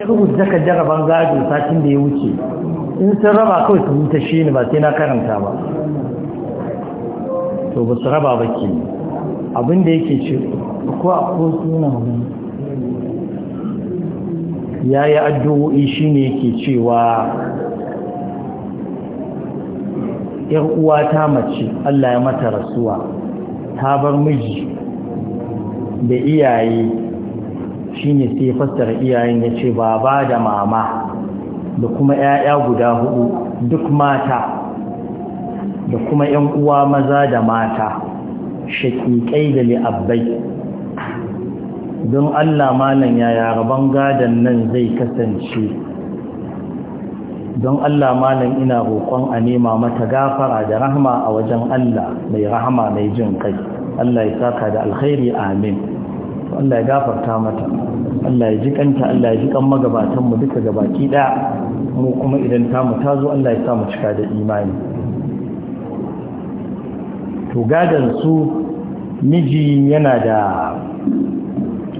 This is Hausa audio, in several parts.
ya rubuta ka jaraban gado satin da ya wuce in sun raba kawai su ta shi ne ba sai na karanta ba to ba su raba ba ke abinda yake ce ko a ko suna wani ya yi addu'o'i shi ne yake cewa Yar uwa ta mace Allah ya mata rasuwa ta bar miji da iyaye shine sai fassara iyayen ya ce baba da mama da kuma 'ya'ya guda hudu duk mata da kuma 'yan uwa maza da mata shaƙiƙai da li'abbai don Allah malam yaya rabon gadon nan zai kasance don Allah malam ina roƙon a nema mata gafara da rahma a wajen Allah mai rahama mai jin kai Allah ya saka da alkhairi amin Allah ya gafarta mata Allah ya kanta, Allah ya jikan magabatan mu duka gabaki daya mu kuma idan ta mu tazo Allah ya sa mu cika da imani to gadan su miji yana da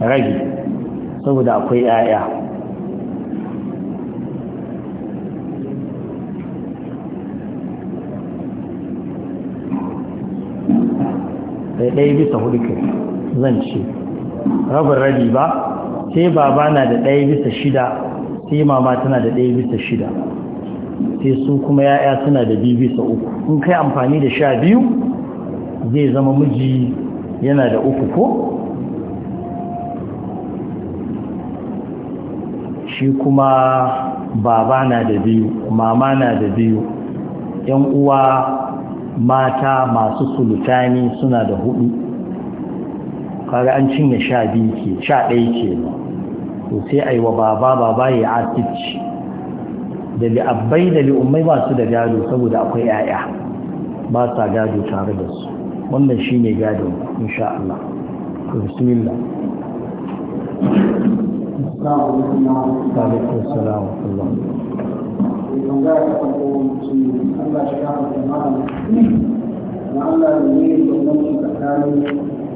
ragi saboda akwai 'ya'ya ɗaya bisa hudu kai zan ce rabin rabi ba sai baba na da ɗaya bisa shida sai mama tana da ɗaya bisa shida sai su kuma ya'ya suna da biyu bisa uku in kai amfani da sha biyu zai zama miji yana da uku ko shi kuma baba na da biyu mama na da biyu yan uwa mata masu sulutani suna da hudu kaga an cinye sha biyu ke sha ɗaya ke to sai a yi wa baba baba ya asici da li'abbai da li'ummai ba su da gado saboda akwai 'ya'ya ba sa gado tare da su wannan shi ne gado insha Allah bismillah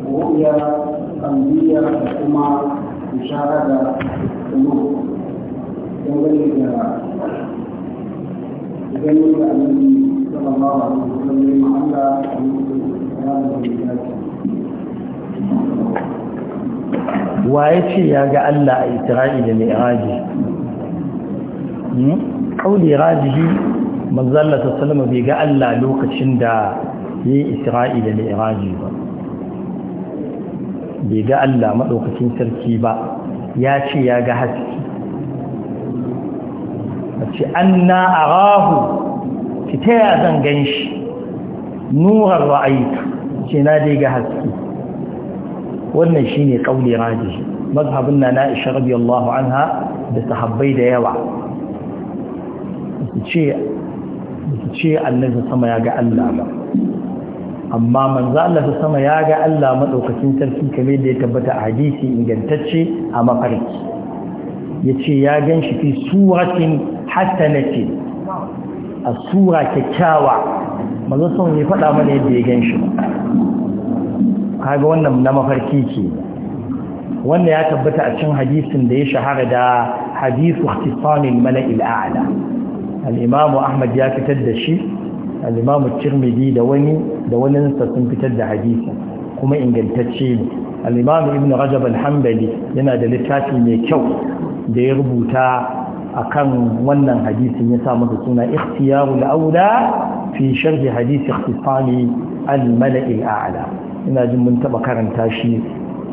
Allah ya tambiya da kuma da kuma dangane da annabi sallallahu alaihi a da wa ya ce ya ga Allah a itira'i da mi'raji hmm? kauli rajihi manzalla ta salama bai ga Allah lokacin da ya yi isra'i da mi'raji ba bai ga Allah maɗaukacin sarki ba ya ce ya ga haske a ce an na a rahu ki ya zan gan shi nurar ra'ayi ce na dai ga haske wannan shi ne ƙauli raji mazhabin na na isha rabi Allahu anha da sahabbai da yawa ce annabi sama ya ga Allah ba amma manzo Allah ta sama ya ga Allah madaukakin sarki kamar da ya tabbata a hadisi ingantacce a mafarki yace ya gan shi fi suratin hasanati a sura kyakkyawa manzo sun yi faɗa mana yadda ya ganshi? shi kaga wannan na mafarki ce wannan ya tabbata a cikin hadisin da ya shahara da hadisu ikhtisamin mala'il a'la al-imamu ahmad ya fitar da shi al-imam tirmidhi da wani da wani sun fitar da hadisi kuma ingantacce ne al rajab al-hanbali yana da littafi mai kyau da ya rubuta akan wannan hadisin ya sa masa suna ikhtiyarul aula fi sharh hadisi ikhtisami al-mala'i al-a'la ina jin mun taba karanta shi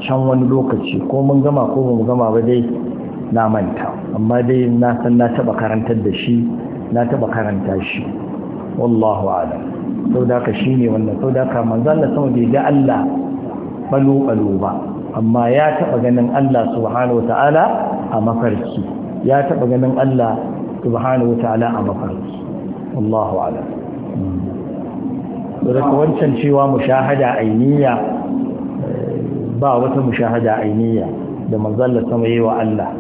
can wani lokaci ko mun gama ko mun gama ba dai na manta amma dai na san na taba karantar da shi na taba karanta shi wallahu alam sau da ka shi ne wannan sau da ka sama bai ga Allah balo ba amma ya taɓa ganin Allah subhanahu wa ta'ala a mafarki ya taɓa ganin Allah subhanahu wa ta'ala a mafarki wallahu alam da wancan cewa mushahada ainiya eh, ba wata mushahada ainiya da manzalla sama yi wa Allah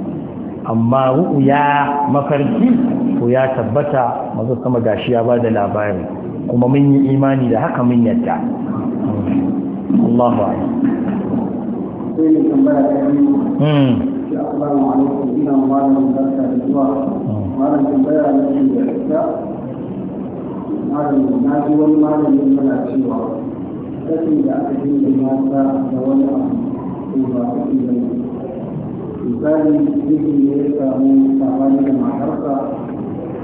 amma ru'uya mafarki to ya tabbata mazu sama gashi ya bada labari kuma mun yi imani da haka mun yadda Allahu akbar Assalamu alaikum ina malamin barka da da da aka yi da mata da wani abu ba su yi misali ne ya samu sabani da matarsa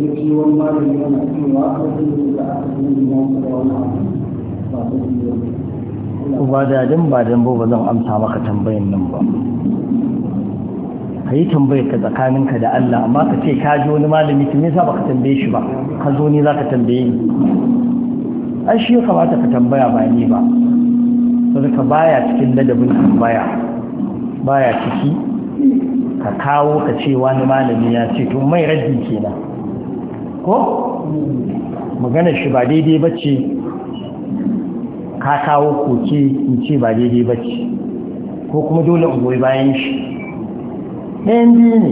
yake wani malami yana cewa aka yi da aka yi da wani ba ta yi ba da dan ba dan ba zan amsa maka tambayin nan ba ka yi tambayar ka tsakaninka da Allah amma ka ce ka ji wani malami tun yasa baka tambaye shi ba ka zo ni zaka tambaye ni ai shi ka bata ka tambaya ba ni ba ka baya cikin ladabin tambaya baya ciki ka kawo ka ce wani malami ya ce to mai raddi kenan ko maganar shi ba daidai ce, ka kawo koke in ce ba daidai ce, ko kuma dole in goyi bayan shi ɗayan biyu ne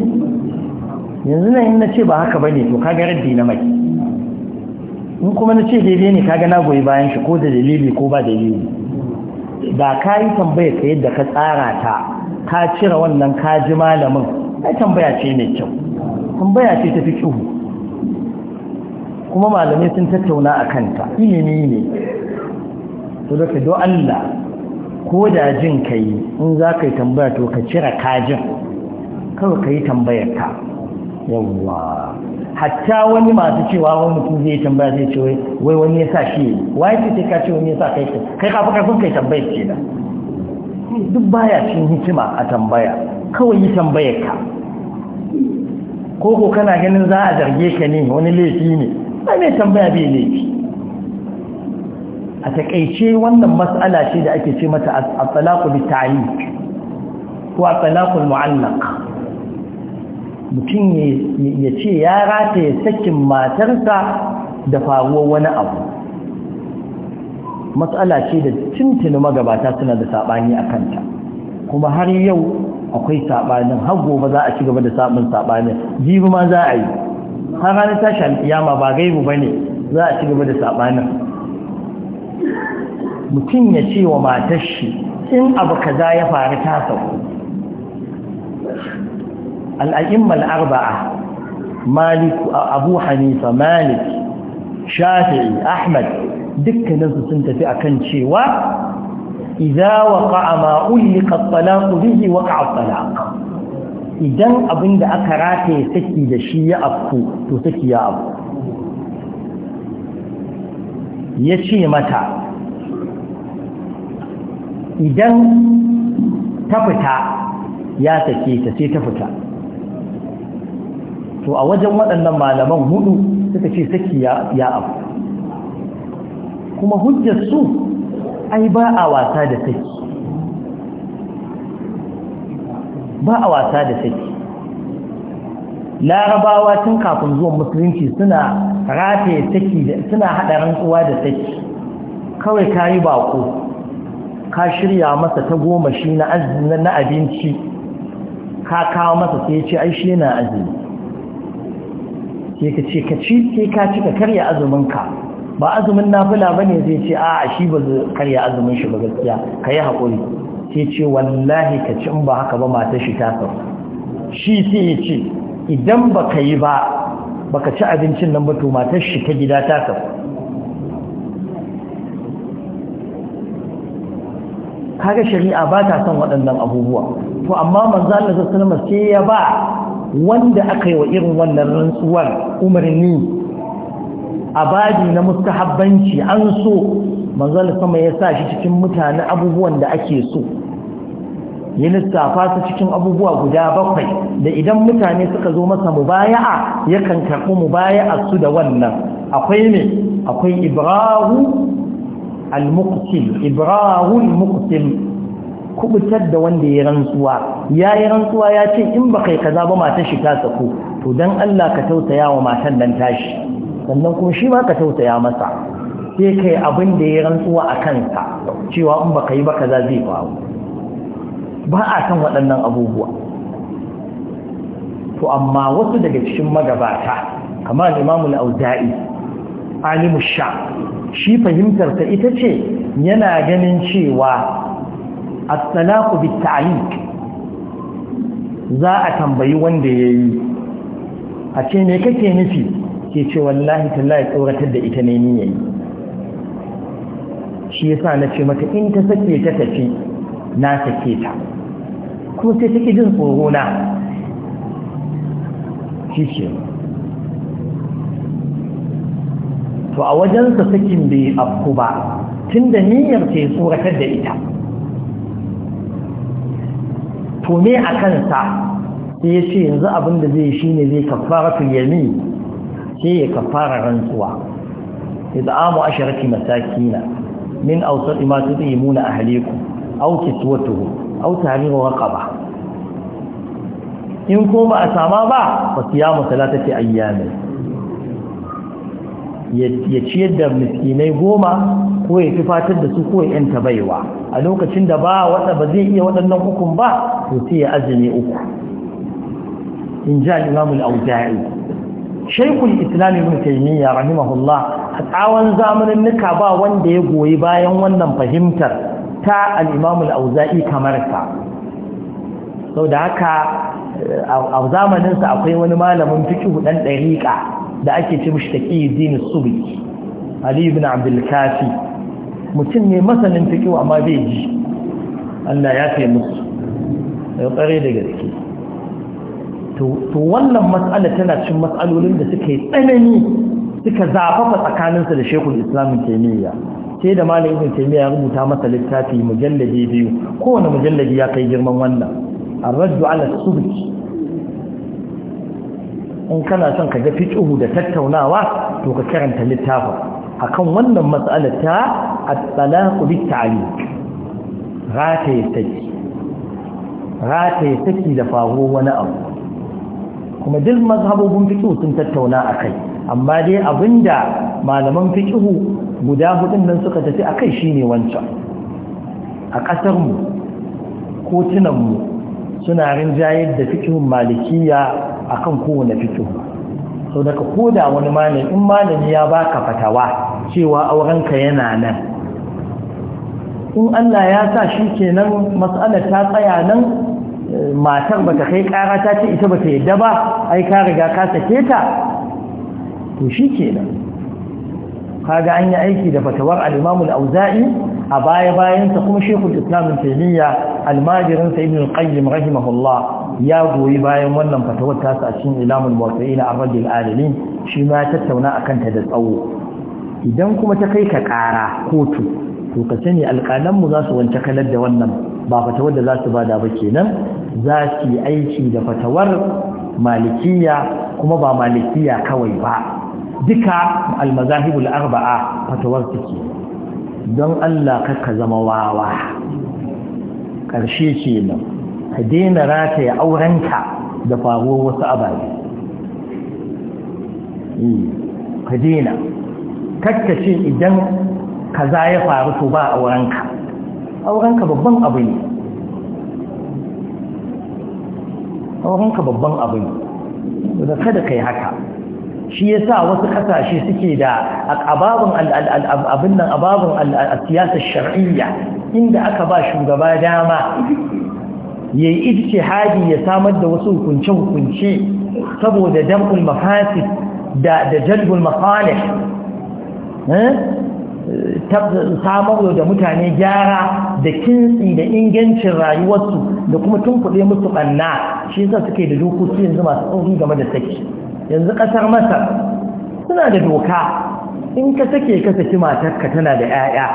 yanzu nan in na ce ba haka ba ne to kaga raddi na mai in kuma na ce daidai ne kaga na goyi bayan shi ko da dalili ko ba dalili da ka yi tambaya ka yadda ka tsara ta ka cire wannan ka ji malamin ai tambaya ce mai kyau tambaya ce ta fi kyau kuma malamai sun tattauna a kanta ilimi ne to da do Allah ko da jin kai in za ka yi tambaya to ka cira kajin kawai ka yi tambayar ka yawwa hatta wani masu cewa wani mutum zai tambaya zai ce wai wani ya sa shi wai ce ka ce wani ya sa kai kai ka fi karfin kai tambayar ce da duk baya cin hikima a tambaya kawai yi tambayar ka ko ko kana ganin za a zarge ka ne wani laifi ne ba mai tambaya bai laifi a takaice wannan mas'ala ce da ake ce mata at-talaqu bi ko at-talaqu mu'allaq mutum ya ce ya rata ya sakin matarsa da faruwar wani abu matsala ce da tuntuni magabata suna da saɓani a kanta kuma har yau akwai saɓanin har gobe za a ci gaba da samun saɓanin jibi ma za a yi har ranar tashi alkiyama ba gaibu ba ne za a ci gaba da saɓanin mutum ya ce wa matar shi in abu kaza ya faru ta sauku al'a'immal arba'a maliku abu hanifa malik shafi'i ahmad dukkaninsu sun tafi akan cewa Iza waqa'a ma ulqa at-talaq bihi idan abin da aka rataye saki da shi ya afku to saki ya afku ya ce mata idan ta fita ya sake ta sai ta fita to a wajen waɗannan malaman hudu suka ce saki ya afku kuma hujjar su ai ba a wasa da saki ba a wasa da saki larabawa tun kafin zuwan musulunci suna rataye saki suna haɗa rantsuwa da saki kawai ka yi baƙo ka shirya masa ta goma shi na abinci ka kawo masa sai ce ai shi na azumi sai ka ce ka ci sai ka ci ka karya azuminka ba azumin nafila ba ne zai ce a shi ba karya azumin shi ba gaskiya ka yi haƙuri ta ce wallahi ka ci in ba haka ba mata shi ta sau shi sai ya ce idan ba ka yi ba ba ka ci abincin nan ba to mata shi ta gida ta sau kaga shari'a ba ta son waɗannan abubuwa to amma manzo Allah sallallahu sai ya ba wanda aka yi wa irin wannan rantsuwar umarni abadi na mustahabbanci an so manzo Allah sama ya sa shi cikin mutane abubuwan da ake so ya lissafa su cikin abubuwa guda bakwai da idan mutane suka zo masa mubaya'a yakan karɓi mubaya'a su da wannan akwai ne akwai ibrahu al-muqtil ibrahu al-muqtil kubutar da wanda ya rantsuwa ya yi rantsuwa ya ce in ba kai kaza ba matar shi ta saku, to dan Allah ka tausaya wa matan nan tashi sannan kuma shi ma ka tausaya masa sai kai abin da ya rantsuwa a kansa cewa in ba yi ba kaza zai faru ba a kan waɗannan abubuwa to amma wasu daga cikin magabata kamar imamul auza'i alimu sha shi fahimtarsa ita ce yana ganin cewa at-talaqu bi taliq za a tambayi wanda ya yi. a ce me kake nufi ke ce wallahi tallahi tsoratar da ita ne ni yi. shi yasa na ce mata in ta sake ta tafi na sake ta kuma sai take jin tsoro na shi ce to a wajensa sakin bai afku ba tun da niyyar ce tsoratar da ita to me a kansa sai ya ce yanzu abin da zai shi ne zai kafara tuyami sai ya kafara rantsuwa idan amu ashirati masakina min ausar imatu imuna auki aw kiswatuhum au waka raqaba in ko ba a sama ba fa siyamu salatati ayyami. ya ciyar da miskinai goma ko ya fatar da su ko ya yanta baiwa a lokacin da ba wanda ba zai iya waɗannan hukun ba to sai ya azumi uku in ja al-imam al-awza'i shaykhul islam rahimahullah a tsawon zamanin Nika ba wanda ya goyi bayan wannan fahimtar ta al'imamul auza'i kamar sa sau da haka a zamaninsa akwai wani malamin fikihu ɗan ɗariƙa da ake ce mishi taƙi zini subi ali ibn abdulkafi mutum ne masanin fikihu amma bai ji allah ya kai musu ya ƙare da gaske to wannan matsala tana cin matsalolin da suka yi tsanani suka zafafa tsakaninsa da shekul islamin taimiyya sai da malam ibn taymiya ya rubuta masa littafi mujalladi biyu kowane mujalladi ya kai girman wannan ar-raddu ala subki in kana son ka ga fiqhu da tattaunawa to ka karanta littafin akan wannan mas'alar ta at-talaq bit ta'liq rataye saki saki da faruwar wani abu kuma duk mazhabobin fiqhu sun tattauna akai amma dai abinda malaman fiqhu guda hudun nan suka tafi a kai shi ne wancan a ƙasarmu tunanmu suna rinjayar da fikihun malikiya a kan kowane fikihun sau daga koda wani malami in malami ya baka fatawa cewa aurenka yana nan in Allah ya sa shi kenan matsalar ta tsaya nan matar bata kai kara ta ce ita bata yadda ba ai ka riga ka sake ta to shi kenan kaga an yi aiki da fatawar al-Imam al-Auza'i a baya bayan sa kuma Shekul Islam Taymiyyah al-Majirin sa al-Qayyim rahimahullah ya goyi bayan wannan fatawar ta a cikin Ilamul Muwaqqi'in ar-Radd al-Alim shi ma tattauna a kanta da tsawo idan kuma ta kai ka kara kotu to ka sani alƙalanmu mu za su wance kalar da wannan ba fatawar da za su bada ba kenan za su yi aiki da fatawar malikiya kuma ba malikiya kawai ba duka almazahibul arba'a fatawar take don Allah ka zama wawa Karshe ce nan ka daina rataya aurenka da faruwar wasu ababe eh, ka daina kakkace idan kaza ya faru to ba aurenka aurenka babban abu ne aurenka babban abu ne da kada ka yi haka shi ya sa wasu ƙasashe suke da ababin abin nan ababin siyasar shar'iyya inda aka ba shugaba dama ya yi Haji ya samar da wasu hukunce-hukunce saboda dam'ul mafasid da da jalbul masalih eh, samar da mutane gyara da kintsi da ingancin rayuwarsu da kuma tunkuɗe musu ɓanna shi yasa suke da dokoki yanzu masu tsauri game da saki yanzu ƙasar masar suna da doka in ka sake ka saki matarka tana da 'ya'ya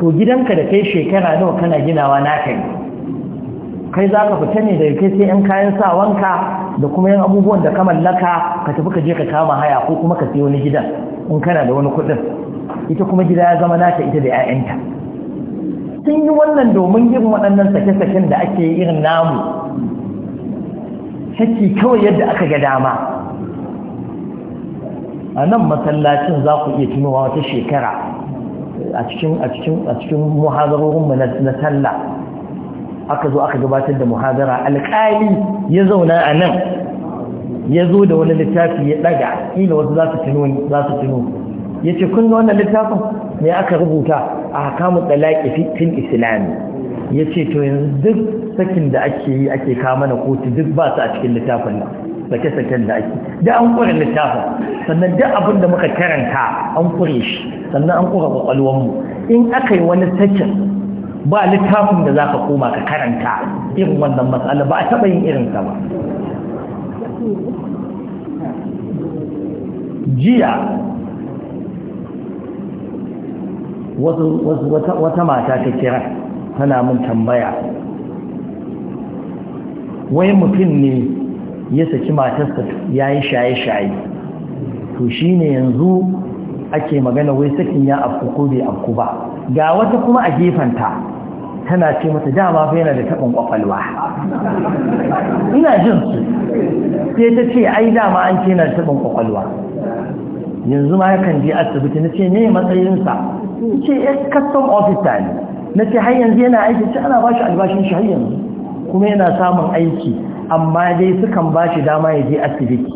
to gidanka da kai shekara nawa kana ginawa naka ne kai za ka fita ne da kai sai yan kayan sawanka da kuma yan abubuwan da ka mallaka ka tafi ka je ka kama haya ko kuma ka sayi wani gidan in kana da wani kuɗin ita kuma gida ya zama nata ita da 'ya'yanta sun yi wannan domin yin waɗannan sake-saken da ake yi irin namu Haki kawai yadda aka ga dama a nan masallacin za ku iya tunowa wata shekara a cikin a muhazarorinmu na sallah aka zo aka gabatar da muhazara alkali ya zauna a nan ya zo da wani littafi ya ɗaga ila wasu za su tuno ya ce kun wannan littafin me aka rubuta a hakamu talaqi fil islami ya ce to yanzu duk sakin da ake yi ake kawo mana kotu duk ba su a cikin littafin nan sake-saken da ake da an kure littafin sannan duk abin da muka karanta an kure shi sannan an kure kwakwalwarmu in aka yi wani sakin ba littafin da za ka koma ka karanta irin wannan matsala ba a taɓa yin irinsa ba jiya wata mata ta kira tana mun tambaya wai mutum ne ya saki matarsa ya yi shaye-shaye to shine ne yanzu ake magana wai sakin ya afku ko bai afku ba ga wata kuma a gefanta tana ce mata dama fa yana da taɓin ƙwaƙwalwa ina jin su sai ta ce ai dama an ce yana da taɓin ƙwaƙwalwa yanzu ma hakan je asibiti na ce ne matsayinsa ce ya custom officer ne na ce har yanzu yana aiki ce ana ba shi albashin shi har yanzu kuma yana samun aiki amma dai sukan ba shi dama ya je asibiti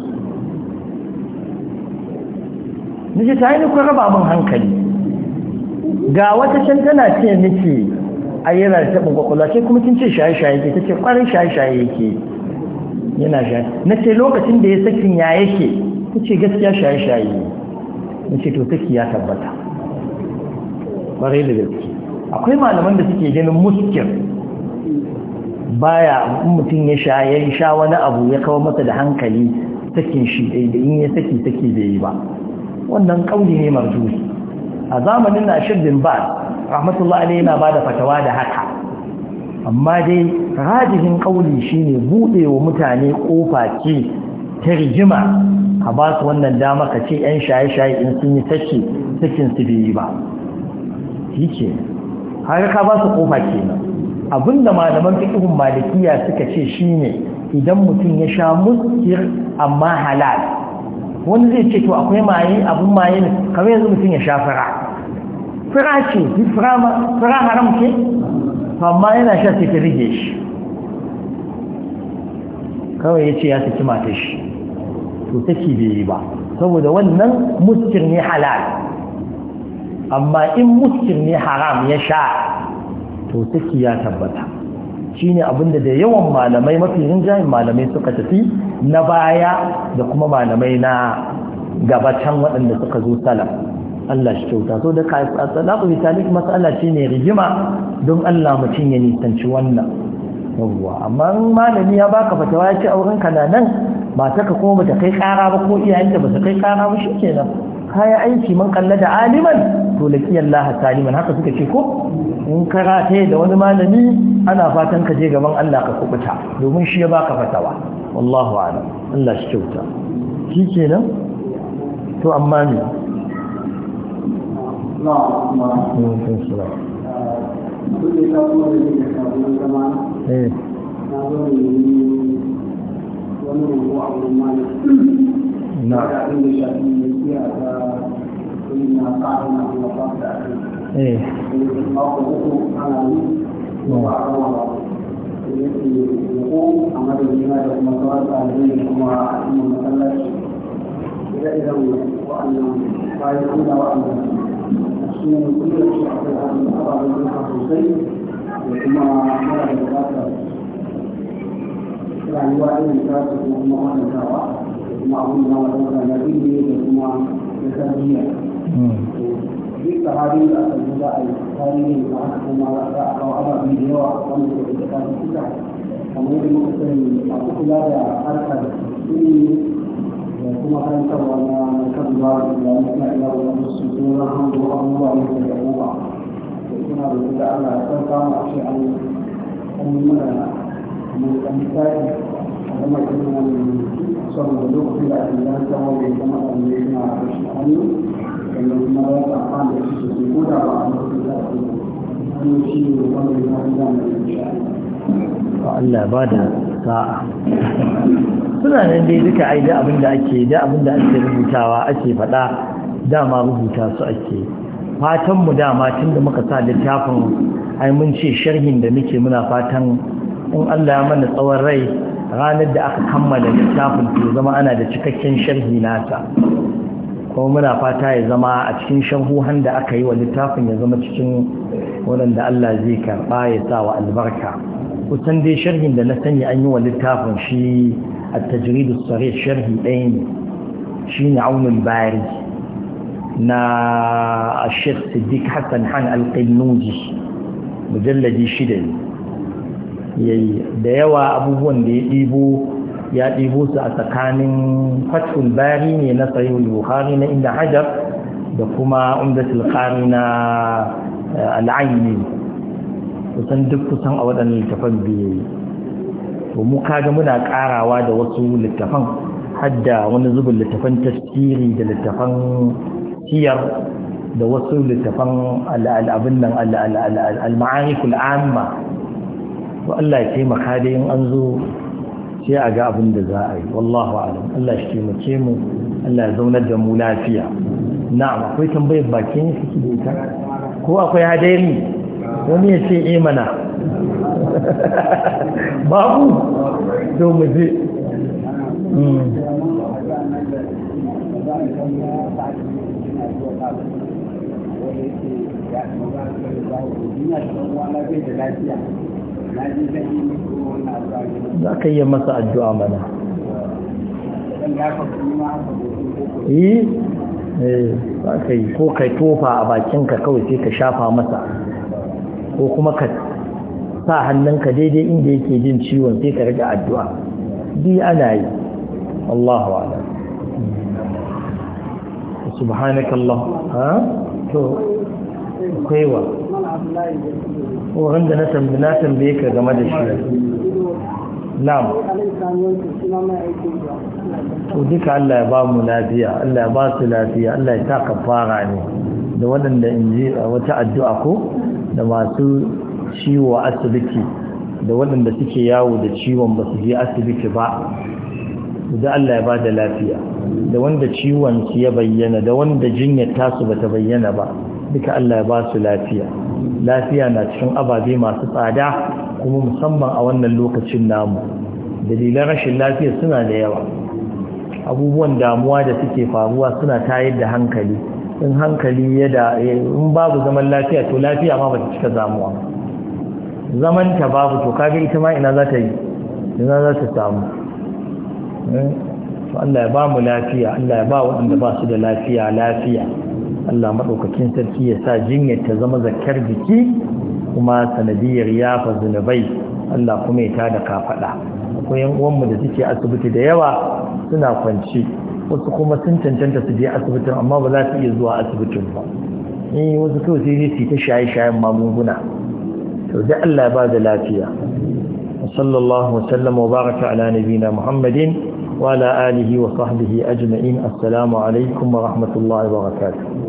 nake ta yi kun raba min hankali ga wata can tana ce nake a yi rarrabin kwakwalwa sai kuma kin ce shaye-shaye ke ta ce kwarin shaye-shaye yake yana shaye na ce lokacin da ya sakin ya yake ta ce gaskiya shaye-shaye na ce to take ya tabbata kwarai da gaske akwai malaman da suke ganin muskir baya mutum ya sha ya sha wani abu ya kawo masa da hankali sakin shi eh, da in ya saki saki bai yi ba wannan kauli ne marjuhi a zamanin na shirin ba rahmatullahi alaihi yana bada fatawa da haka amma dai rajihin kauli shine bude wa mutane ƙofa ce ta rigima a ba su wannan dama ka ce yan shaye-shaye in sun yi saki sakin su bai yi ba shi ke har ka ba su kofa kenan abinda malaman fiqhun malikiya suka ce shine idan mutum ya sha muskir amma halal wani zai ce to akwai maye abin maye ne kamar yanzu mutum ya sha fara fara ce fara haram ce amma yana sha sai ta rige shi kawai ya ce ya saki mata shi to take bai yi ba saboda wannan muskir ne halal amma in muskir ne haram ya sha to take ya tabbata shine abinda da yawan malamai mafi rinjayen malamai suka tafi na baya da kuma malamai na gabatan waɗanda suka zo salam Allah shi kyauta so da talaku misalik matsala ce ne rigima don Allah mutum ya nisanci wannan yawwa amma malami ya baka fatawa ya ce auren ka na nan ba ta ka kuma ta kai kara ba ko iyayenta ba su kai kara ba shi kenan kayi aiki man kalla da aliman to laki Allah saliman haka suka ce ko in karata da wani malami ana fatan ka je gaban Allah ka kubuta domin shi ya baka fatawa wallahu a'lam Allah shi kyauta shi nan? to amma ne na'am نعم ايه يقوم عمل الجماعة المطارات الأهلية وأن المثلث إلى إلى وأن قائد أولى وأن السنة كل شيء في الأرض أرى بالنسبة حسين ثم عمل الجماعة يعني وأن الجماعة وأن الجماعة kuma abin da wata wata na ne da kuma na tarbiyya hmm. duk sahabin da aka zo za a yi tarihin da aka kuma za a kawo ababe da yawa wanda suka da kafin suka kamar yadda muka sani a kula da harkar ilimi da kuma karantarwa na kan zuwa da islamu na iya wani su tsoron hango abubuwa ne da yawa da suna da kuma allah ya san a ce an yi mana kamar misali a zama saboda lokacin da ake yan tsawon da ya zama ɗan ne suna rashin hannu sannan kuma za su amfani da shi sosai ko da ba a lokacin da ake hannu shi ne wanda ya fi zama da shi Allah ba da sa'a suna nan dai duka ai da abin da ake da abin da ake rubutawa ake faɗa dama rubuta su ake fatan mu dama tun da muka sa littafin ai mun ce sharhin da muke muna fatan in Allah ya mana tsawon rai ranar da aka kammala littafin to zama ana da cikakken sharhi nata kuma muna fata ya zama a cikin sharhuhan da aka yi wa littafin ya zama cikin waɗanda Allah zai karɓa ya sa wa albarka kusan dai sharhin da na sanya an yi wa littafin shi a tajiridu sare sharhi ɗaya ne shi ne aunin bayari na shek siddiq hassan han alƙinnuji mujallaji shida ne yayi da yawa abubuwan da ya ɗibo ya ɗibo su a tsakanin fatul bari ne na sayul buhari na inda hajar da kuma umdatul qari na al'ayni kusan duk kusan a waɗannan littafan biyu to mu kaga muna ƙarawa da wasu littafan hadda wani zubin littafan tafsiri da littafan siyar da wasu littafan al'abin nan al-ma'ariful amma to Allah ya taimaka da yin an zo sai a ga abin da za a yi wallahu alam Allah shi taimake mu Allah ya zaunar da mu lafiya na'am akwai tambayar baki ne kike da ita ko akwai hadari wani ya ce eh mana babu to mu je hmm. za ka yi masa addu'a mana yi eh, za ka yi ko kai tofa a bakinka kawai sai ka shafa masa ko kuma ka sa hannunka daidai inda yake jin ciwon sai ka rage addu'a bi ana yi Allah wa subhanakallah ha to kwaiwa wurin da na tambaye ka game da shi na'am to duka Allah ya ba mu lafiya Allah ya ba su lafiya Allah ya taka fara ne da waɗanda in ji wata addu'a ko da masu ciwo asibiti da waɗanda suke yawo da ciwon ba su je asibiti ba da Allah ya ba da lafiya da wanda ciwon su ya bayyana da wanda jinyar tasu bata bayyana ba duka Allah ya ba su lafiya lafiya na cikin ababe masu tsada kuma musamman a wannan lokacin namu dalilan rashin lafiya suna da yawa abubuwan damuwa da suke faruwa suna tayar da hankali in hankali ya da in babu zaman lafiya to lafiya ma bata cika zamuwa zaman ta babu to kaga ita ma ina za ta yi ina za ta samu eh? Allah ya ba mu lafiya Allah ya ba waɗanda ba su da lafiya lafiya Allah maɗaukakin sarki ya sa jinyar ta zama zakkar jiki kuma sanadiyar yafa zunubai Allah kuma ya tada kafaɗa akwai yan uwanmu da suke asibiti da yawa suna kwanci wasu kuma sun cancanta su je asibitin amma ba za su iya zuwa asibitin ba eh wasu kawai sai dai su ta shaye-shayen magunguna to da Allah ba da lafiya صلى الله وسلم وبارك على نبينا محمد وعلى آله وصحبه أجمعين السلام عليكم ورحمة الله وبركاته